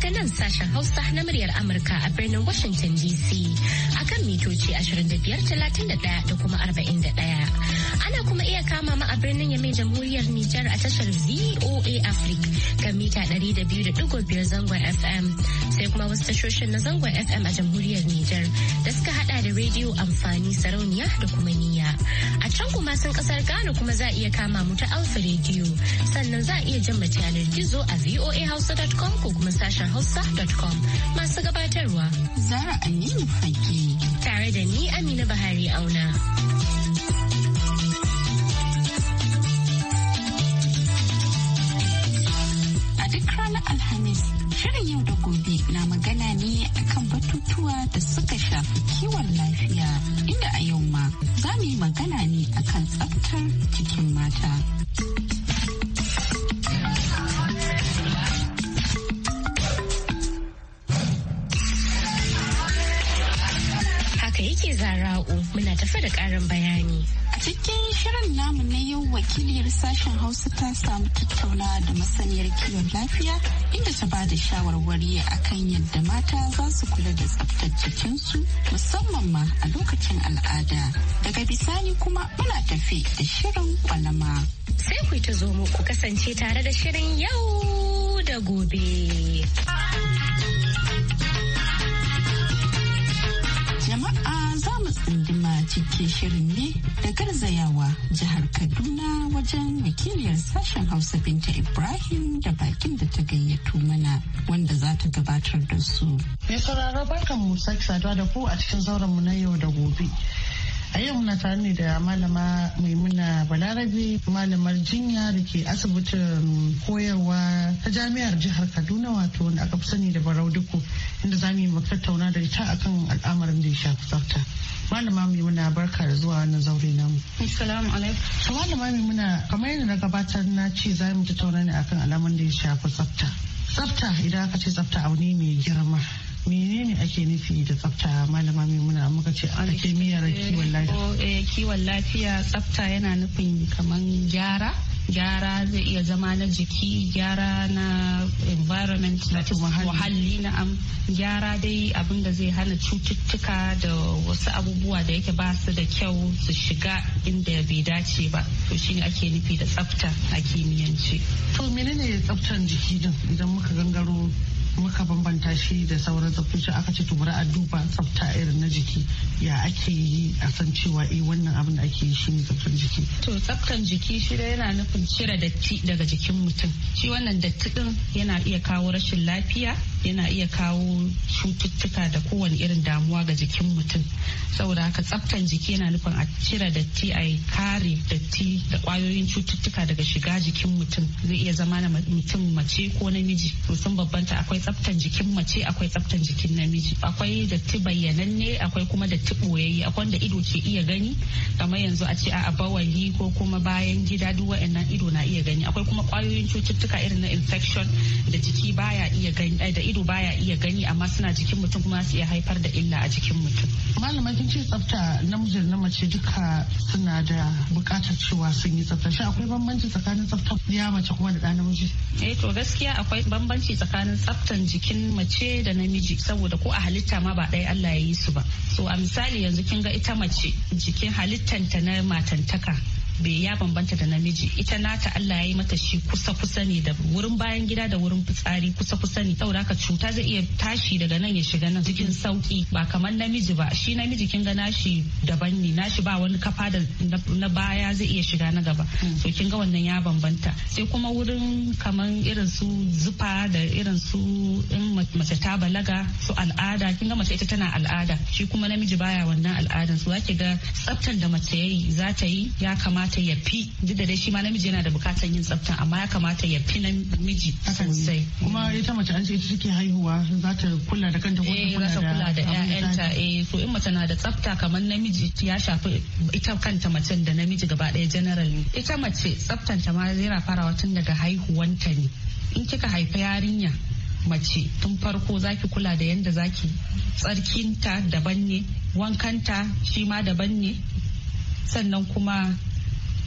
daga nan sashen Hausa na muryar Amurka a birnin Washington DC akan mitoci 2531 da kuma 41. Ana kuma iya kama ma a birnin Yamai Jamhuriyar Nijar a tashar VOA Africa kan mita 200.5 zangon FM. sai kuma wasu tashoshin na zangon FM a jamhuriyar Nijar da suka hada da rediyo amfani sarauniya da kuma niyya. A can kuma sun kasar Ghana kuma za a iya kama mu ta Alfa rediyo sannan za a iya jan mata yanar gizo a voahausa.com ko kuma sashen hausa.com masu gabatarwa. Zara Aminu Fage. Tare da ni Amina Bahari Auna. a Alhamis Shirin yau da gobe na magana ne akan batutuwa da suka shafi kiwon lafiya inda a yau ma za mu yi magana ne akan tsaftar jikin mata. Haka yake zara'u muna tafa da ƙarin bayani. Cikin shirin namu na yau wakiliyar sashen Hausa ta samu tattaunawa da masaniyar kiwon lafiya inda ta ba da shawarwari akan yadda mata za su kula da tsaftar jikinsu musamman ma a lokacin al'ada. Daga bisani kuma muna tafi da shirin kwalama. Sai ku ta zo ku kasance tare da shirin yau da gobe. Jama'a za mu cike shirin ne da garzayawa jihar Kaduna wajen wakiliyar sashen Hausa Binta Ibrahim da bakin da ta gayyato mana wanda za ta gabatar da su. ya sauraro barkan mu sake saduwa da ku a cikin zauren mu na yau da gobe. A yau na tare ne da malama Maimuna Balarabe malamar jinya da ke asibitin koyarwa ta jami'ar jihar Kaduna wato wanda aka fi sani da Barau Duku inda za mu yi tattauna da ita akan al'amarin da ya shafi tsafta. Malama Maimuna barka da zuwa wannan zaure namu. Assalamu alaikum. To malama Maimuna kamar yadda na gabatar na ce za mu tattauna ne akan al'amarin da ya shafi tsafta. Tsafta idan aka ce tsafta abu ne mai girma menene ake nufi da tsafta malama muna muka ce ana kimiyyar kiwon lafiya eh, eh, kiwon lafiya tsafta yana nufin kaman gyara gyara zai iya zama na jiki gyara na environment na muhalli na gyara dai abin da zai hana cututtuka da wasu abubuwa da yake ba su da kyau su shiga inda bai dace ba to shine ake nufi da tsafta a kimiyyance to menene tsaftan jiki din idan muka gangaro muka bambanta shi da sauran tsaftoci aka ce tubura a duba tsafta irin na jiki ya ake yi a san cewa eh wannan abin da ake yi shi ne tsaftar jiki to tsaftar jiki shi yana nufin cire datti daga jikin mutum shi wannan datti din yana iya kawo rashin lafiya yana iya kawo cututtuka da kowane irin damuwa ga jikin mutum saboda haka tsaftan jiki yana nufin a cire datti a kare datti da kwayoyin cututtuka daga shiga jikin mutum zai iya zama na mutum mace ko namiji to sun babbanta akwai tsaftan jikin mace akwai tsaftan jikin namiji akwai datti bayyananne akwai kuma datti boyayye akwai wanda ido ke iya gani kamar yanzu a ce a bawali ko kuma bayan gida duk wa'annan ido na iya gani akwai kuma kwayoyin cututtuka irin na infection da jiki baya iya gani eh, da ido baya iya gani amma suna jikin mutum kuma su iya haifar da illa a jikin mutum malamai kin ce tsafta namijin na mace duka suna da bukatar cewa sun yi tsafta shi akwai bambanci tsakanin tsafta ya mace kuma da namiji eh to gaskiya akwai bambanci tsakanin tsafta tsaftan jikin mace da namiji saboda ko a halitta ma ba ɗaya Allah ya yi su ba so a misali yanzu kin ga ita mace jikin halittanta na matantaka bai ya bambanta da namiji ita nata Allah ya yi mata shi kusa kusa ne da wurin bayan gida da wurin fitsari kusa kusa ne saboda haka cuta zai iya tashi daga nan ya shiga nan cikin sauki ba kamar namiji ba shi namiji kin ga nashi daban ne nashi ba wani kafa da na baya zai iya shiga na gaba hmm. so kin ga wannan ya bambanta sai kuma wurin kamar irin su zufa da irin su in mace ta balaga su al'ada kin ga mace ita tana al'ada shi kuma namiji baya wannan al'adan su zaki ga tsaftan da mace yayi za ta yi ya kamata kamata ya fi duk da dai shi ma namiji yana da bukatar yin tsafta amma ya kamata ya fi namiji sosai kuma ita mace an ce ita take haihuwa za ta kula da kanta ko ta eh, kula da ƴaƴanta eh so in mace na da tsafta kamar namiji ya shafi ita kanta macen da namiji gaba ɗaya general ita mace tsaftanta ma yana farawa tun daga haihuwanta ne in kika haifa yarinya mace tun farko zaki kula da yanda zaki tsarkinta daban ne wankanta shi ma daban ne sannan kuma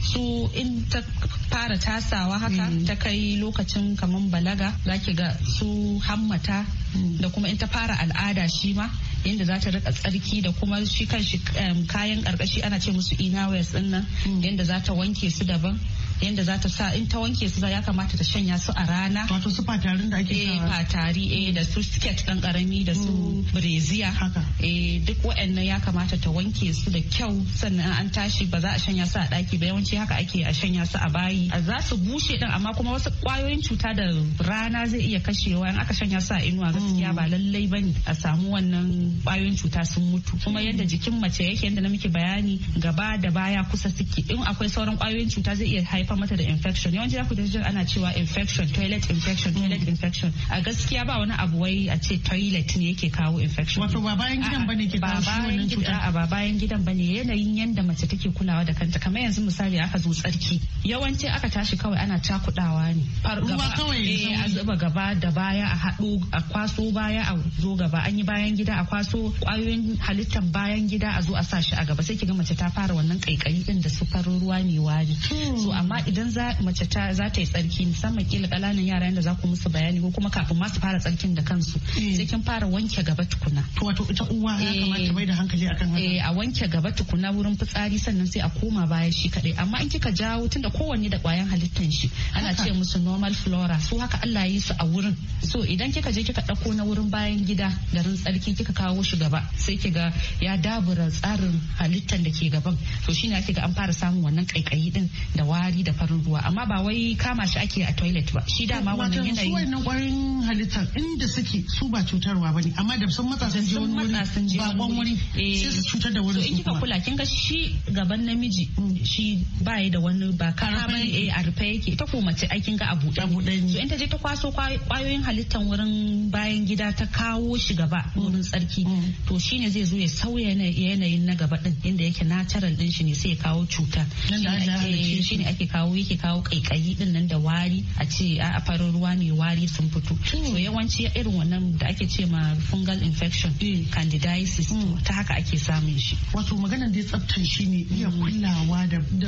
su in ta fara tasawa haka mm. ta kai lokacin kamar balaga za ki ga su hammata mm. da kuma in ta fara al'ada shi ma yadda za ta rika tsarki da kuma shi kan shi kayan karkashi ana ce musu inawes din nan mm. yadda za ta wanke su daban yadda za ta sa in ta wanke su ya kamata ta shanya su a rana wato su fatarin da ake eh fatari eh da su skirt ɗan ƙarami da su mm. breziya haka eh duk waɗannan ya kamata ta wanke su da kyau sannan an tashi ba za a shanya su a daki ba yawanci haka ake a shanya su a bayi za su bushe din amma kuma wasu kwayoyin cuta da rana zai iya kashewa in aka shanya su a inuwa gaskiya mm. ba lallai ne a samu wannan kwayoyin cuta sun mutu kuma mm. yadda jikin mace yake yadda na miki bayani gaba da baya kusa suke in akwai sauran kwayoyin cuta zai iya haifa. haifar mata da infection yawanci za ku ji ana cewa infection toilet infection toilet infection a gaskiya ba wani abu wai a ce toilet ne yake kawo infection wato ba bayan gidan bane ke kawo shi wannan cuta ba bayan gidan bane yanayin yanda mace take kulawa da kanta kamar yanzu misali aka zo tsarki yawanci aka tashi kawai ana cakudawa ne ruwa kawai ne eh, a zuba gaba da baya a haɗo a kwaso baya a zo gaba an yi bayan gida a kwaso kwayoyin halittar bayan gida a zo a sa shi a gaba sai ki ga mace ta fara wannan kaikayi din da su farin ruwa mai wari hmm. so amma idan za mace ta za ta yi tsarki musamman kila kananan yara yanda za ku musu bayani ko kuma kafin masu fara tsarkin da kansu eh. sai kin fara wanke gaba tukuna to wato ita uwa ya eh. kamata mai da hankali akan haka eh a wanke gaba tukuna wurin fitsari sannan sai a koma baya shi kadai amma in kika jawo tunda kowanne da kwayan halittan shi ana ce musu normal flora su haka Allah yi su a wurin so idan kika je kika dauko na wurin bayan gida garin tsarki kika kawo shi gaba sai kiga ya dabura tsarin halittan da ke gaban to shine ake ga an fara samun wannan kaikayi din da wari da farin ruwa amma ba wai kama shi ake a toilet ba shi dama wannan yanayi su wannan kwarin halittar inda suke su ba cutarwa bane amma da sun matsa sun je wani wuri ba wuri sai su eh. cutar da wani su kika kula kin ga shi gaban namiji shi ba yi da wani ba kama bane eh a rufe yake ta ko mace ai kin ga a buɗe so in ta je ta kwaso kwayoyin halittar wurin bayan gida ta kawo shi gaba wurin tsarki mm. Mm. to shine zai zo ya sauya yanayin na gaba din inda yake natural din shi ne sai ya kawo cuta da ake kawo yake kawo kaikayi din nan da wari a ce a farin ruwa ne wari sun fito to yawanci irin wannan da ake ce ma fungal infection mm. candidiasis mm. ta haka ake samun shi wato maganar da tsaftar shi ne iya mm. kullawa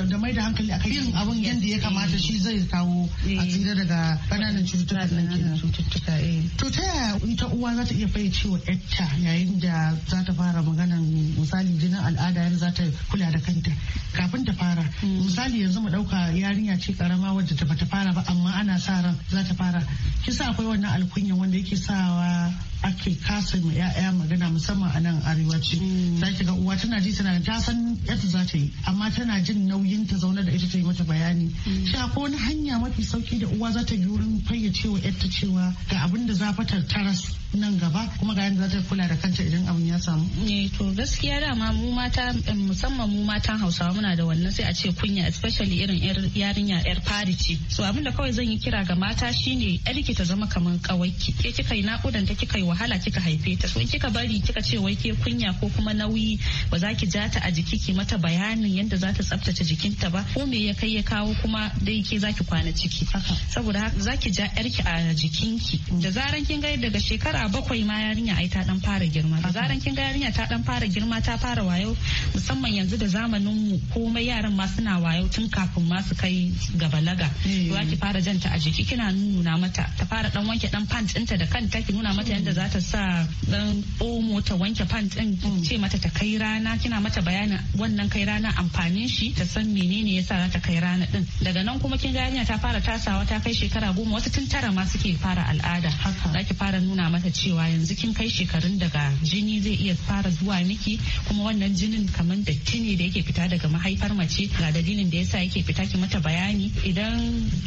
da mai da hankali a irin abin yanda ya kamata shi zai kawo a eh. tsira daga kananan cututtuka nan eh. cututtuka to ta yaya ita uwa za ta iya fayyace wa yarta yayin da za ta fara maganan misali jinin al'ada yanzu za ta kula da kanta kafin ta fara misali yanzu mu ɗauka yarinya ce karama wadda ta bata fara ba amma ana sa ran za ta fara kisa akwai wannan alkunya wanda yake sawa ake kasa ma ya'ya magana musamman a nan arewaci mm. za ki ga uwa tana ji tana ta san yadda za ta yi amma tana jin nauyin ta zauna da ita ta yi mata bayani mm. shi ko wani hanya mafi sauki da uwa za ta yi wurin fayyace wa ta cewa ga abin da za fatar taras nan gaba kuma ga yadda za ta kula da kanta idan abin ya samu. ne eh, to gaskiya dama mu mata musamman mu matan hausawa muna da wannan sai a ce kunya especially irin 'yar yarinya yar fari ce so da kawai zan yi kira ga mata shine yarki ta zama kamar kawaki ke kika yi nakudan ta kika yi wahala kika haife ta so in kika bari kika ce wai ke kunya ko kuma nauyi ba za ki ja a jiki ki mata bayanin yadda za ta tsaftace jikinta ba ko me ya kai ya kawo kuma dai ke za ki kwana ciki saboda haka za ki ja yarki a jikinki mm. da zaran kin ga daga shekara bakwai ma yarinya ai ta dan fara girma da zaran kin ga yarinya ta dan fara girma ta fara wayo musamman yanzu da zamanin mu komai yaran ma suna wayo tun kafin ma su su kai ga balaga eh. za ki fara janta a jiki kina nuna mata ta fara dan wanke dan pant ɗinta da kanta ki nuna mata yadda za ta sa dan omo ta wanke pant ɗin hmm. ce mata ta kai rana kina mata bayanin wannan kai rana amfanin shi ta san menene yasa za ta kai rana din daga nan kuma kin ga yarinya ta fara tasawa ta kai shekara goma wasu tun tara ma suke fara al'ada za ki fara nuna mata cewa yanzu kin kai shekarun daga jini zai iya fara zuwa miki kuma wannan jinin kamar datti ne da yake fita daga mahaifar mace ga dalilin da yasa yake fita ki mata bayani idan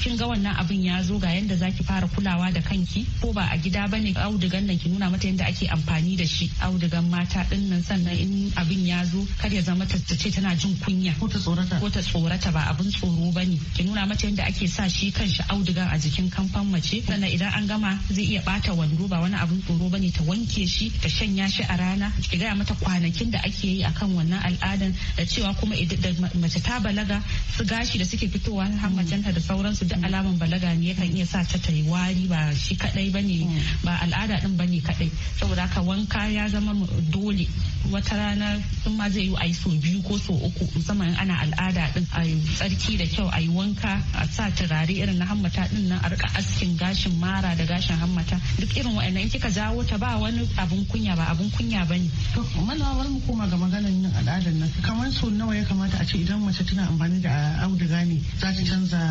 kin ga wannan abin ya zo ga yanda zaki fara kulawa da kanki ko ba a gida bane audugan nan ki nuna mata yanda ake amfani da shi audugan mata din nan sannan in abin ya zo kar ya zama ta ce tana jin kunya ko ta tsorata ko ta tsorata ba abin tsoro bane ki nuna mata yanda ake sa shi kanshi audugan a jikin kamfan mace sannan idan an gama zai iya bata wando ba wani abin tsoro bane ta wanke shi ta shanya shi a rana ki gaya mata kwanakin da ake yi akan wannan al'adan da cewa kuma da mace ta balaga su gashi da suke take fitowa hammacenta da sauransu duk alaman balaga ne yakan iya sa ta tayi wari ba shi kadai bane ba al'ada din bane kadai saboda haka wanka ya zama dole wata rana sun ma zai yi a so biyu ko so uku musamman ana al'ada din a tsarki da kyau a yi wanka a sa turare irin na hammata din nan a rika askin gashin mara da gashin hammata duk irin wa'annan kika jawo ta ba wani abun kunya ba abun kunya bane to malawar mu koma ga maganar yin al'adar nan kamar so nawa ya kamata a ce idan mace tana amfani da auduga ne za ta canza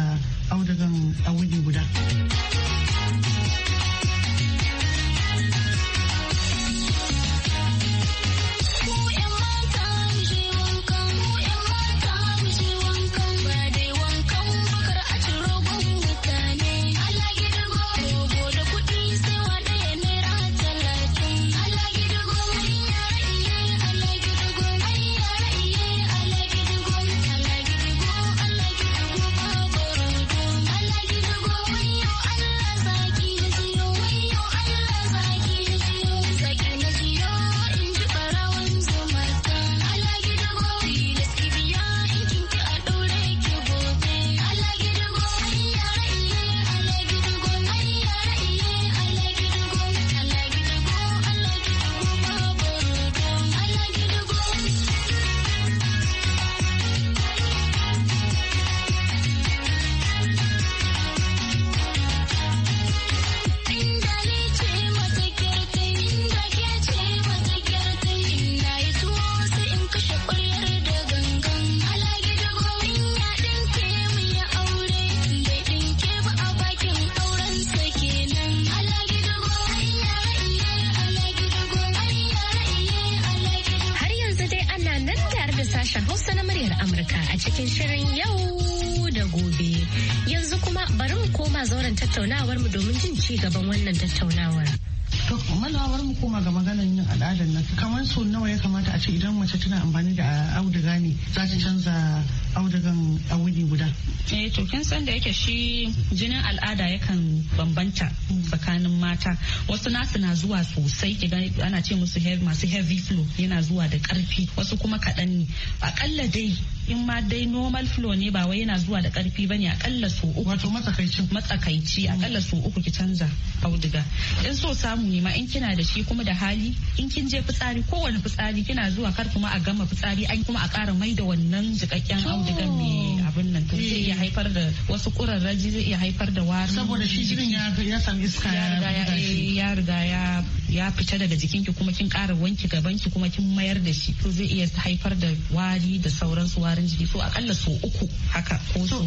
audugan a wuni guda. bari mu koma zauren tattaunawar mu domin jin ci gaban wannan tattaunawar. To manawar mu koma ga maganar yin al'adar nan kamar so nawa ya kamata a ce idan mace tana amfani da auduga ne za ta canza audugan a guda eh to kin san da yake shi jinin al'ada yakan bambanta tsakanin mata wasu nasu na zuwa sosai ki ana ce musu masu heavy flow yana zuwa da karfi wasu kuma kaɗan ne akalla dai in ma dai normal flow ne ba wai yana zuwa da karfi ba ne akalla so uku wato matsakaici matsakaici akalla so uku ki canza auduga in so samu ne ma in kina da shi kuma da hali in kin je fitsari kowane fitsari kina zuwa kar kuma a gama fitsari an kuma a ƙara mai da wannan jikakken auduga gidan ne abin nan zai iya haifar da wasu kurarraji zai iya haifar da wari saboda shi gidan ya san iska eh, ya riga ya ya fita daga jikinki kuma kin ƙara wanki ki kuma kin mayar da shi to zai iya haifar da wari da sauran su warin jiki so akalla so uku haka ko so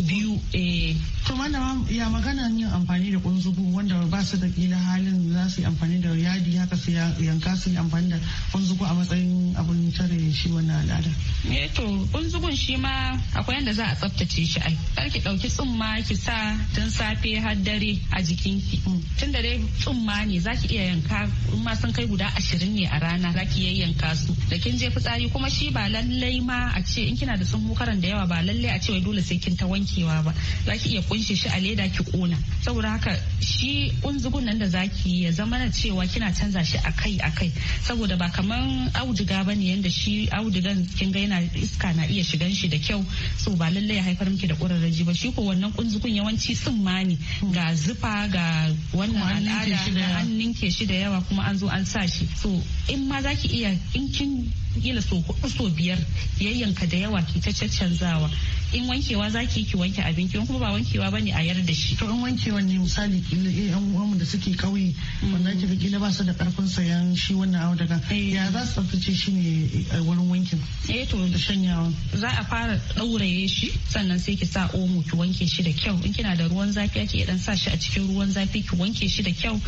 biyu eh to malama ya magana yin amfani da kunzugu wanda ba su da kila halin za su yi amfani da yadi haka su yanka su yi amfani da kunzugu a matsayin abin tare shi wannan al'ada eh to kunzugun shi ma akwai yadda za a tsaftace shi ai kar ki dauki tsumma ki sa tun safe har dare a jikin ki mm. tun da dai tsumma ne ki iya yanka in ma sun kai guda ashirin ne a rana za ki yayyanka su da kin je fitsari kuma shi ba lallai ma a ce in kina da sun karan da yawa ba lallai a ce wai dole sai kin ta wankewa ba za ki iya kunshe shi a leda ki kona saboda haka shi kunzugun nan da ki ya zama na cewa kina canza shi a kai a kai saboda ba kaman auduga ne yanda shi audugan kin ga yana iska na iya shigan shi da kyau so ba lallai ya haifar miki da ƙurarraji ba shi ko wannan kunzukun yawanci sun ma ne ga zufa ga wannan al'ada an ninke shi da yawa kuma an zo an sa shi so in ma zaki iya in kin watakila so hudu so biyar yayyanka da yawa ki ta caccanzawa in wankewa za ki ki wanke abinki in kuma ba wankewa ba ne a yar da shi. to in wankewa ne misali kila eh, yan uwanmu da suke kauye mm. wannan kika kila ba su da karfin sayan shi wannan auduga eh. ya za su tsaftace shi ne a eh, wurin wankin. eh to da shanyawa. za a fara ɗauraye shi sannan sai ki sa omo ki wanke shi da kyau in kina da ruwan zafi ake dan sa shi a cikin ruwan zafi ki wanke shi da kyau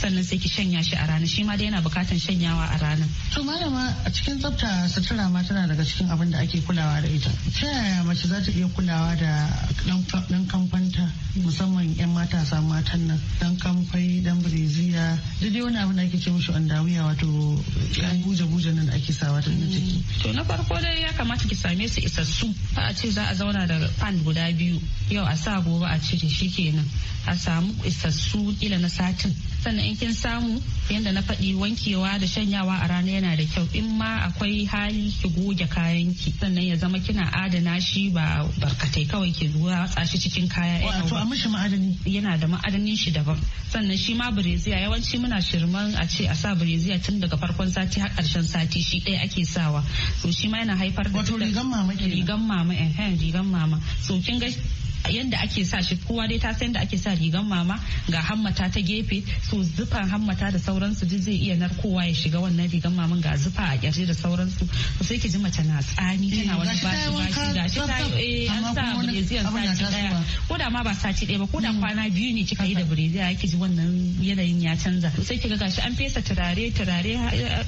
sannan sai ki shanya shi a rana shi ma dai yana bukatan shanyawa a rana. to malama a cikin tsafta sutura ma tana daga cikin abin da ake kulawa da ita ta yaya mace za ta iya kulawa da dan kamfanta musamman yan matasa matan nan dan kamfai dan bireziya da dai wani abin da ake ce an andawiya wato yan buje-buje nan ake sawa ta na ciki mm. to na farko dai ya kamata ki same su isassu ba a ce za a zauna da fan guda biyu yau a sa gobe a cire shi kenan a samu isassu kila na satin sannan in kin samu yadda na faɗi wankewa da shanyawa a rana yana da kyau in ma akwai hali ki goge kayan ki sannan ya zama kina adana shi ba barkatai kawai ki zuwa watsa shi cikin kaya wato a mishi ma'adani yana da ma'adanin shi daban sannan shi ma bireziya yawanci muna shirman a ce a sa bireziya tun daga farkon sati har karshen sati shi ɗaya ake sawa to shi ma yana haifar da wato rigan mama ke rigan mama eh, eh rigan mama so kin ga yadda ake sa shi kowa dai ta san da ake sa rigan mama ga hammata ta gefe so to zufa hammata da sauransu duk zai iya narkowa ya shiga wannan rigar mamun ga zufa a kyarje da sauransu to sai ki ji mace na tsani tana eh, wani bashi bashi ga shi ta eh an sa breziyan sati daya ko da ma ba sati daya ba ko da mm. kwana biyu ne kika yi da breziya ki ji wannan yanayin ya canza sai kiga gashi an fesa turare turare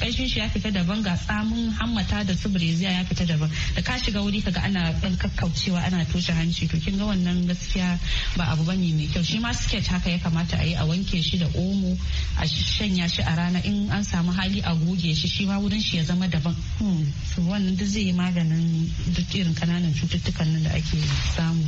kashin shi ya fita daban ga tsamin hammata da su breziya ya fita daban da ka shiga wuri kaga ana dan kakkaucewa ana toshe hanci to kin ga wannan gaskiya ba abu bane mai kyau shi ma sket haka ya kamata a yi a wanke shi da omo mu a shanya shi a rana in an samu hali a goge shi shi ma wurin shi ya zama daban hmm, wannan duk zai yi maganin duk irin kananan cututtukan nan da ake samu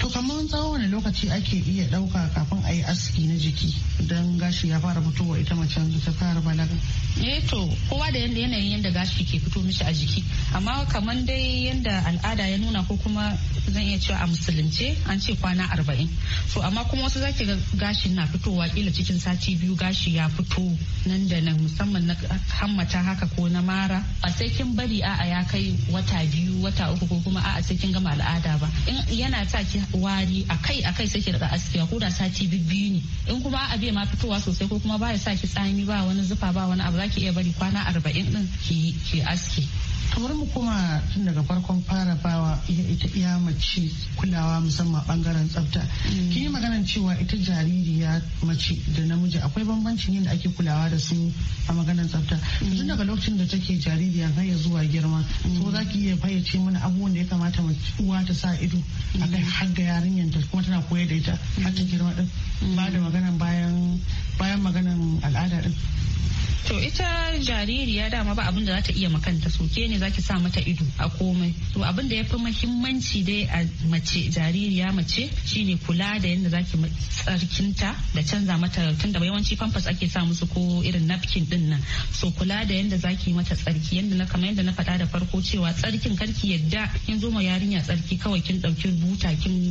To kamar tsawon wani lokaci ake iya ɗauka kafin a yi aski na jiki don gashi ya fara fitowa ita macen ta fara balaga? Eh to kowa da yanda yanayin yanda gashi ke fito mishi a jiki amma kamar dai yadda al'ada ya nuna ko kuma zan iya cewa a musulunce an ce kwana arba'in to amma kuma wasu zaki ga gashi na fitowa kila cikin sati biyu gashi ya fito nan da nan musamman na hammata haka ko na mara a sai kin bari a'a ya kai wata biyu wata uku ko kuma a'a sai kin gama al'ada ba in yana sa ki wari a akai akai sai ki daga askiya ko da sati biyu ne in kuma a biya ma fitowa sosai ko kuma baya sa ki tsami ba wani zufa ba wani abu zaki iya bari kwana arba'in din ki ki aski. kamar mu kuma tun daga farkon fara bawa ita iya mace kulawa musamman bangaren tsafta mm. kin yi maganar cewa ita jaririya mace da namiji akwai bambancin da ake kulawa da su a maganar tsafta mm. tun daga lokacin da take jaririya har ya zuwa girma ko mm. za ki iya fayyace mana abubuwan da ya kamata uwa ta sa ido a kai har ga yarinyar ta kuma tana koyar da ita mm. har ta girma din mm. ba da maganan bayan bayan maganan al'ada din To ita jaririya dama ba abin da za ta iya makanta suke ne zaki sa mata ido a komai. To abin da ya fi mahimmanci dai a mace jaririya mace shine kula da yadda zaki tsarkinta da canza mata tunda yawanci pampers ake sa musu ko irin napkin din nan. So kula da yadda zaki mata tsarki yadda na kamar yadda na faɗa da farko cewa tsarkin karki yadda kin zo ma yarinya tsarki kawai kin ɗauki buta kin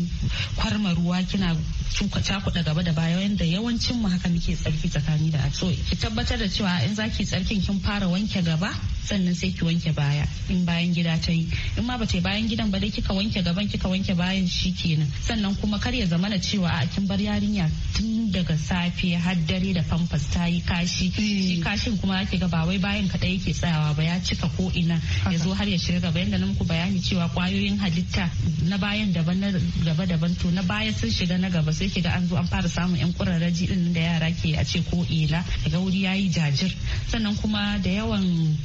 kwarma ruwa kina cuka cakuɗa gaba da baya wanda yawancin mu haka muke tsarki tsakani da so ki tabbatar da cewa in zaki tsarkin kin fara wanke gaba sannan sai ki wanke baya in bayan gida ta yi in ma bata bayan gidan ba dai kika wanke gaban kika wanke bayan shi kenan sannan kuma kar ya zamana cewa a kin bar yarinya tun daga safe har dare da famfas ta yi kashi eh. shi kashin kuma ake ga ba wai bayan kadai yake tsayawa ba ya cika ko ina ya zo har ya shiga gaba yanda na muku bayani cewa kwayoyin halitta na bayan daban Gaba daban to na baya sun shiga na gaba sai kiga an zo an fara samun yan kurarraji din da yara ke a ce ko ela daga wuri yayi jajir sannan kuma da yawan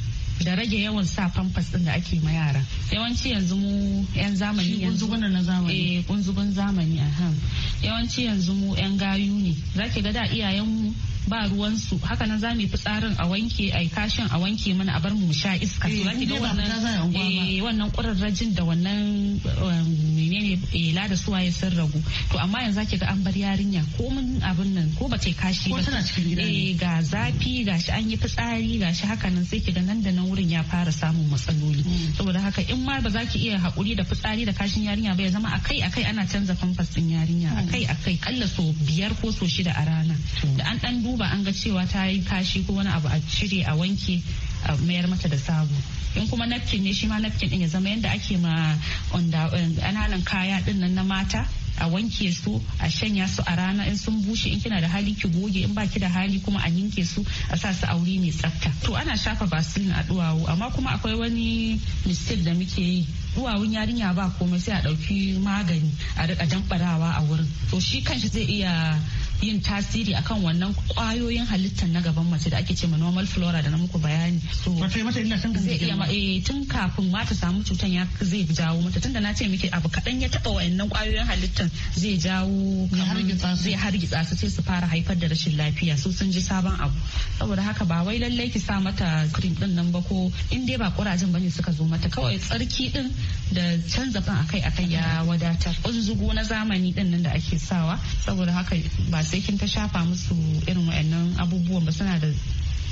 da rage yawan sa famfas din da ake ma yara yawanci yanzu mu yan zamani yanzu kunzugun na zamani eh kunzugun zamani aha yawanci yanzu mu yan gayu ne zaki ga da iyayen mu ba ruwansu haka nan za mu fitsarin a wanke a kashin a wanke mana a bar mu sha iska to eh, zaki ga wannan eh, wannan kurarrajin da wannan um, menene eh, lada suwa ya sun ragu to amma yanzu zaki ga an bar yarinya ko mun abin nan ko ba ta kashi ba eh ga zafi ga shi an yi fitsari gashi haka nan sai ga nan da nan wurin ya fara samun matsaloli mm. saboda haka in ma ba za ki iya hakuri da fitsari da kashin yarinya ba ya zama akai akai ana canza famfas din yarinya mm. akai akai kalla so biyar ko so shida a rana da an dan ba an ga cewa ta yi kashi ko wani abu a cire a wanke a mayar mata da sabo in kuma napkin ne shi ma napkin din ya zama yadda ake ma eh, ƙananan kaya din nan na mata a wanke su a shanya su a rana in sun bushe in kina da hali ki goge in baki da hali kuma a ninke su a sa su aure mai tsafta to ana shafa basilin a duwawu amma kuma akwai wani mistake da muke yi duwawun yarinya ba komai sai a dauki magani a rika damfarawa a wurin to shi kanshi zai iya yin tasiri akan wannan kwayoyin halittar na gaban mace da ake ce ma normal flora da na muku bayani so eh tun kafin ma ta samu cutan ya zai jawo mata tunda na ce miki abu kadan ya taba wayannan kwayoyin halittar zai jawo zai hargitsa su sai su fara haifar da rashin lafiya su sun ji sabon abu saboda haka ba wai lallai ki sa mata cream din nan ba ko in dai ba kurajen bane suka zo mata kawai tsarki din da canza fan akai akai ya wadatar ƙunzugu na zamani din nan da ake sawa saboda haka ba sai kin ta shafa musu irin waɗannan abubuwan ba suna da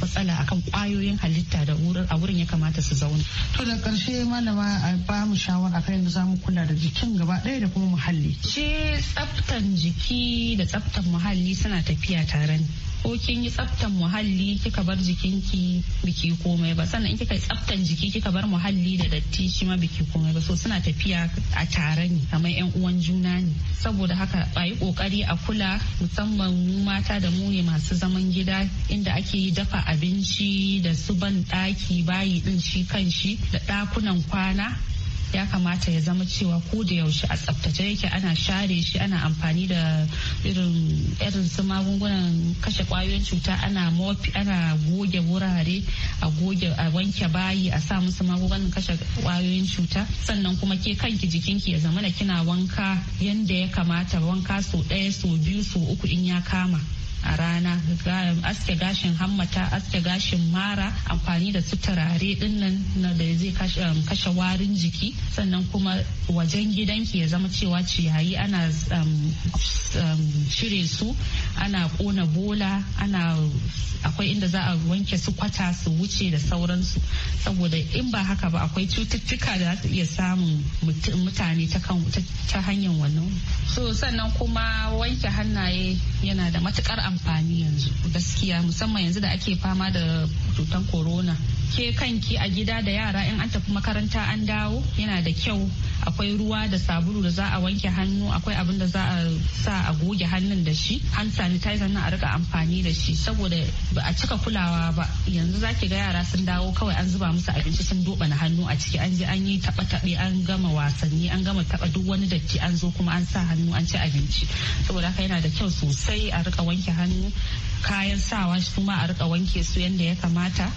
matsala akan kwayoyin halitta da wurin a wurin ya kamata su zauna. To da karshe malama a ba mu shawara kan yadda zamu kula da jikin gaba ɗaya da kuma muhalli. Shi tsaftan jiki da tsaftan muhalli suna tafiya tare ko kin yi tsaftan muhalli kika bar jikinki biki komai ba sannan kika yi tsaftan jiki kika bar muhalli da datti shi ma biki komai ba so suna tafiya a tare ne kamar yan uwan juna ne saboda haka a yi kokari a kula musamman mu mata da mu ne masu zaman gida inda ake yi dafa abinci da su ban daki bayi din shi kan shi da dakunan kwana ya kamata ya zama cewa ko da yaushe a tsaftace yake ana share shi ana amfani da irin irin su magungunan kashe kwayoyin cuta ana mofi ana goge wurare a goge a wanke bayi a sa musu magungunan kashe kwayoyin cuta sannan kuma ke kanki jikinki ya zama da kina wanka yanda ya kamata wanka so ɗaya so biyu so uku in ya kama a rana aske gashin hammata aske gashin mara amfani da su turare din nan da zai um, kashe warin jiki sannan kuma wajen gidan ki ya zama cewa ciyayi ana cire um, um, su ana kona bola ana akwai inda za a wanke su kwata su wuce da sauransu saboda in ba haka ba akwai cututtuka da za su iya samun mutane ta hanyar wannan so sannan kuma wanke hannaye yana da matukar amfani amfani yanzu gaskiya musamman yanzu da ake fama da cutar corona ke kanki a gida da yara in an tafi makaranta an dawo yana da kyau akwai ruwa da sabulu da za a wanke hannu akwai abin da za a sa a goge hannun da shi hand sanitizer na a rika amfani da shi saboda ba a cika kulawa ba yanzu zaki ga yara sun dawo kawai an zuba musu abinci sun doba na hannu a ciki an je an yi taba taɓe an gama wasanni an gama taba duk wani datti an zo kuma an sa hannu an ci abinci saboda haka yana da kyau sosai a rika wanke hannu kayan sawa kuma a rika wanke su yadda ya kamata.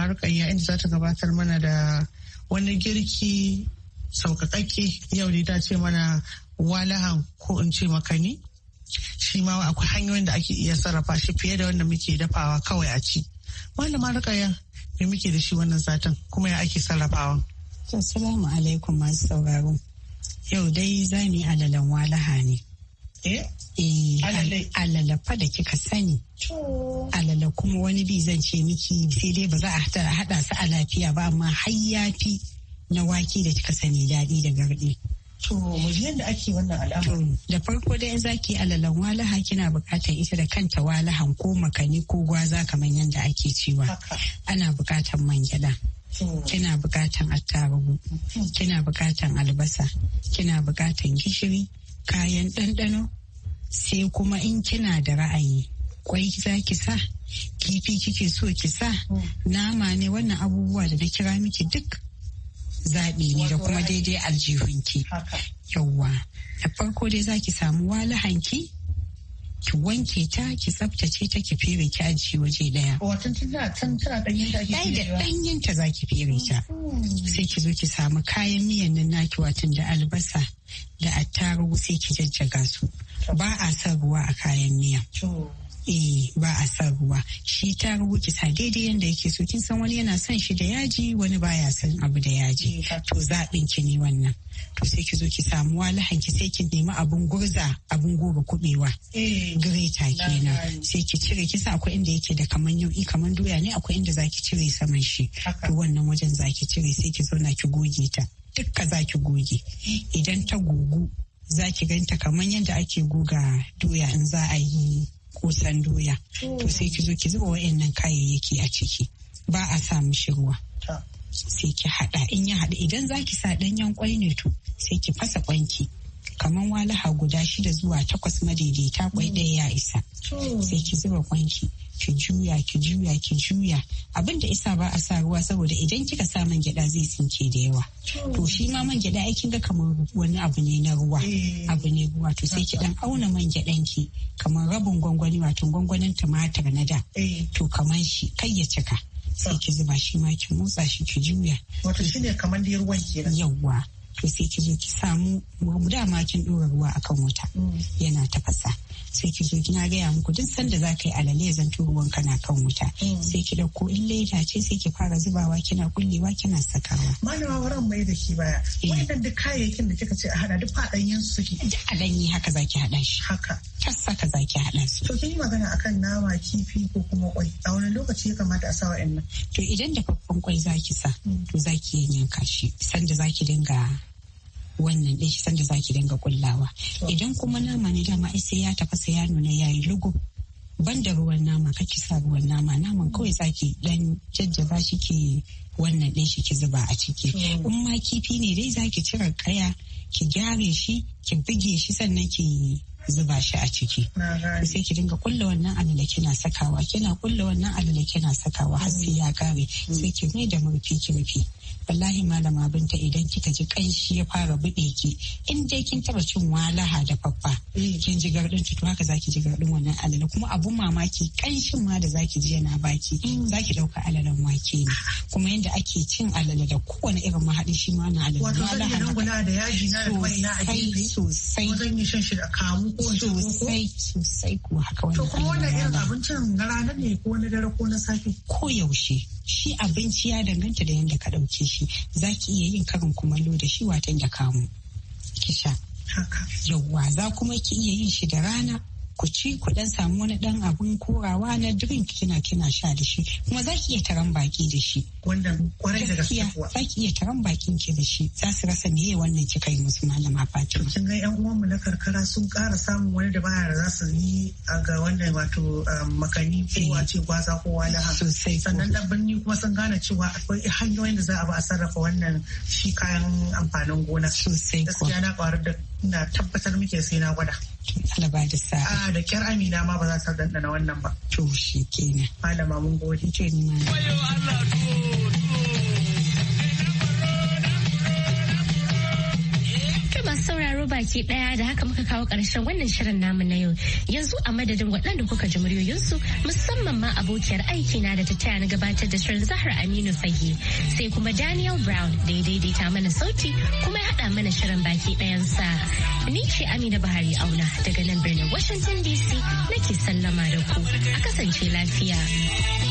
malama rukayya inda za ta gabatar mana da wani girki sauƙaƙaƙe yau da ta ce mana walahan ko in ce makani shi ma akwai hanyoyin da ake iya sarrafa shi fiye da wanda muke dafawa kawai a ci malama rukayya me muke da shi wannan zatan kuma ya ake sarrafawa assalamu alaikum masu sauraro yau dai za mu alalan walaha ne Eh? Eh, alalafa da kika sani. Alala kuma wani bi zan ce miki sai dai ba za a haɗa su a lafiya ba amma har yafi na wake da kika sani daɗi da garɗi. To, mu yadda ake wannan al'amari. Da farko dai za ki alalan walaha kina bukatar ita da kanta walahan ko makani ko gwaza kamar yadda ake cewa. Ana bukatar man Kina bukatan attarugu, kina bukatan albasa, kina bukatan gishiri, kayan ɗanɗano sai kuma in kina da ra'ayi kwai za ki sa kifi kike so ki sa nama ne wannan abubuwa da na kira miki duk zaɓi ne da kuma daidai aljihunki yawwa da farko dai za ki samu walahanki ki wanke ta ki tsaftace ta ki fere ki ajiye waje daya. Watan oh, tana tana ɗanyen ta ake fere. Ɗanyen ta za ki fere ta. Hmm. Sai ki zo ki samu kayan miyan nan naki watan da albasa da attarugu sai ki jajjaga su. Ba a son ruwa a kayan miya. eh ba a san ruwa shi ta rubuki sa daidai yanda yake so kin san wani yana son shi da yaji wani baya son abu da yaji eh, to zaɓin ki ne wannan to sai ki zo ki samu walahan ki sai ki nemi abun gurza abun gora kubewa eh, greta kenan sai ki cire ki sa akwai inda yake da kaman yau'i kaman doya ne akwai inda zaki cire saman shi to wannan wajen zaki cire sai ki zauna ki goge ta dukka zaki goge idan ta gugu zaki ganta kaman yadda ake goga doya in za a yi kusan doya to sai ki zo ki zuba wa'annan kayayyaki a ciki ba a sa mishi ruwa sai ki haɗa in ya haɗa idan za ki sa ɗanyen kwai ne to sai ki fasa kwanki kamar walaha guda shida zuwa takwas madaidaita kwai mm. ɗaya ya isa sai ki zuba kwanki ki juya ki juya ki juya abin da isa ba a sa ruwa saboda idan kika sa man gyada zai sinke da yawa to shi ma man gyada ai kinga kamar wani abu ne na ruwa eh. abu ne ruwa to sai ki dan auna man gyadan ki kamar rabin gwangwani wato gwangwanin tumatir na da eh. to kamar shi kai ya cika sai ki zuba shi ma ki motsa shi ki juya wato shine kamar da ruwan kenan yawwa to sai ki zo ki samu mu dama kin dora ruwa akan wuta yana tafasa sai ki zo kina gaya muku duk sanda za ka yi alale zan ruwan kana kan wuta sai ki dauko in leda ce sai ki fara zubawa kina kullewa kina sakawa malama wurin mai da ke baya eh. wannan duk kayayyakin da kika ce a hada duk fadanyen su ki duk alanye haka zaki hada shi haka tas za zaki hada su to kin yi magana akan nama kifi ko kuma kwai a wani lokaci ya kamata a sa wa'annan to idan da dafaffen kwai zaki sa mm. to zaki yanka shi sanda zaki dinga wannan ɗin shi sanda zaki dinga kullawa idan kuma nama ne dama sai ya tafasa ya nuna ya yayi lugu da ruwan nama kake sa ruwan nama naman kawai zaki dan jajjaba shi ki wannan ɗin shi ki zuba a ciki in ma kifi ne dai zaki cire kaya ki gyare shi ki buge shi sannan ki zuba shi a ciki sai ki dinga kulla wannan alala kina sakawa kina kulla wannan alala kina sakawa har sai ya kare mm. sai ki mai da murfi ki rufe wallahi malama binta idan kika ji kanshi ya fara buɗe ki in dai kin taba cin walaha da faffa mm. kin ji gardin tutu haka zaki ji gardin wannan alala kuma abun mamaki kanshin ma da zaki ji yana baki mm. zaki dauka alalan wake ne kuma yanda ake cin alala da kowane irin mahadi shi ma na alala wato zan yi rangula da yaji na da kwai na a gefe sosai zan yi shan shi da kamu ko sosai sosai kuma haka wannan to kuma wannan irin abincin na ranar ne ko na dare ko na safe ko yaushe shi abinci ya danganta da yadda ka ɗauke shi za ki iya yin karin kumallo da shi watan ya kamu kisha yauwa za kuma ki iya yin shi da rana ku ci ku dan samu wani dan abun korawa na drink kina kina sha da shi kuma za ki iya taron baki da shi wanda kwarai da gaskiya za ki iya taron bakin ki da shi za su rasa meye wannan kika yi musu malama Fatima kin ga yan mu na karkara sun ƙara samun wani dabara da za su yi ga wannan wato um, makani ko eh. a ce gwaza ko walaha sosai sannan da birni kuma sun gane cewa akwai hanyoyin da za a ba a sarrafa wannan shi kayan amfanin gona sosai gaskiya na kwarar da na tabbatar muke sai na gwada. Alaba da sa. A ah, da kyar Amina ma ba za ta dandana wannan ba. To shi kenan. Malama mun gode. To ni ma. masu sauraro baki daya da haka muka kawo karshen wannan shirin namu na yau yanzu a madadin waɗanda kuka ji muryoyinsu musamman ma abokiyar aiki na da ta taya na gabatar da shirin zahar aminu fahi sai kuma daniel brown da ya daidaita mana sauti kuma ya haɗa mana shirin baki ɗayansa ni ce amina buhari auna daga nan birnin washington dc nake sallama da ku a kasance lafiya.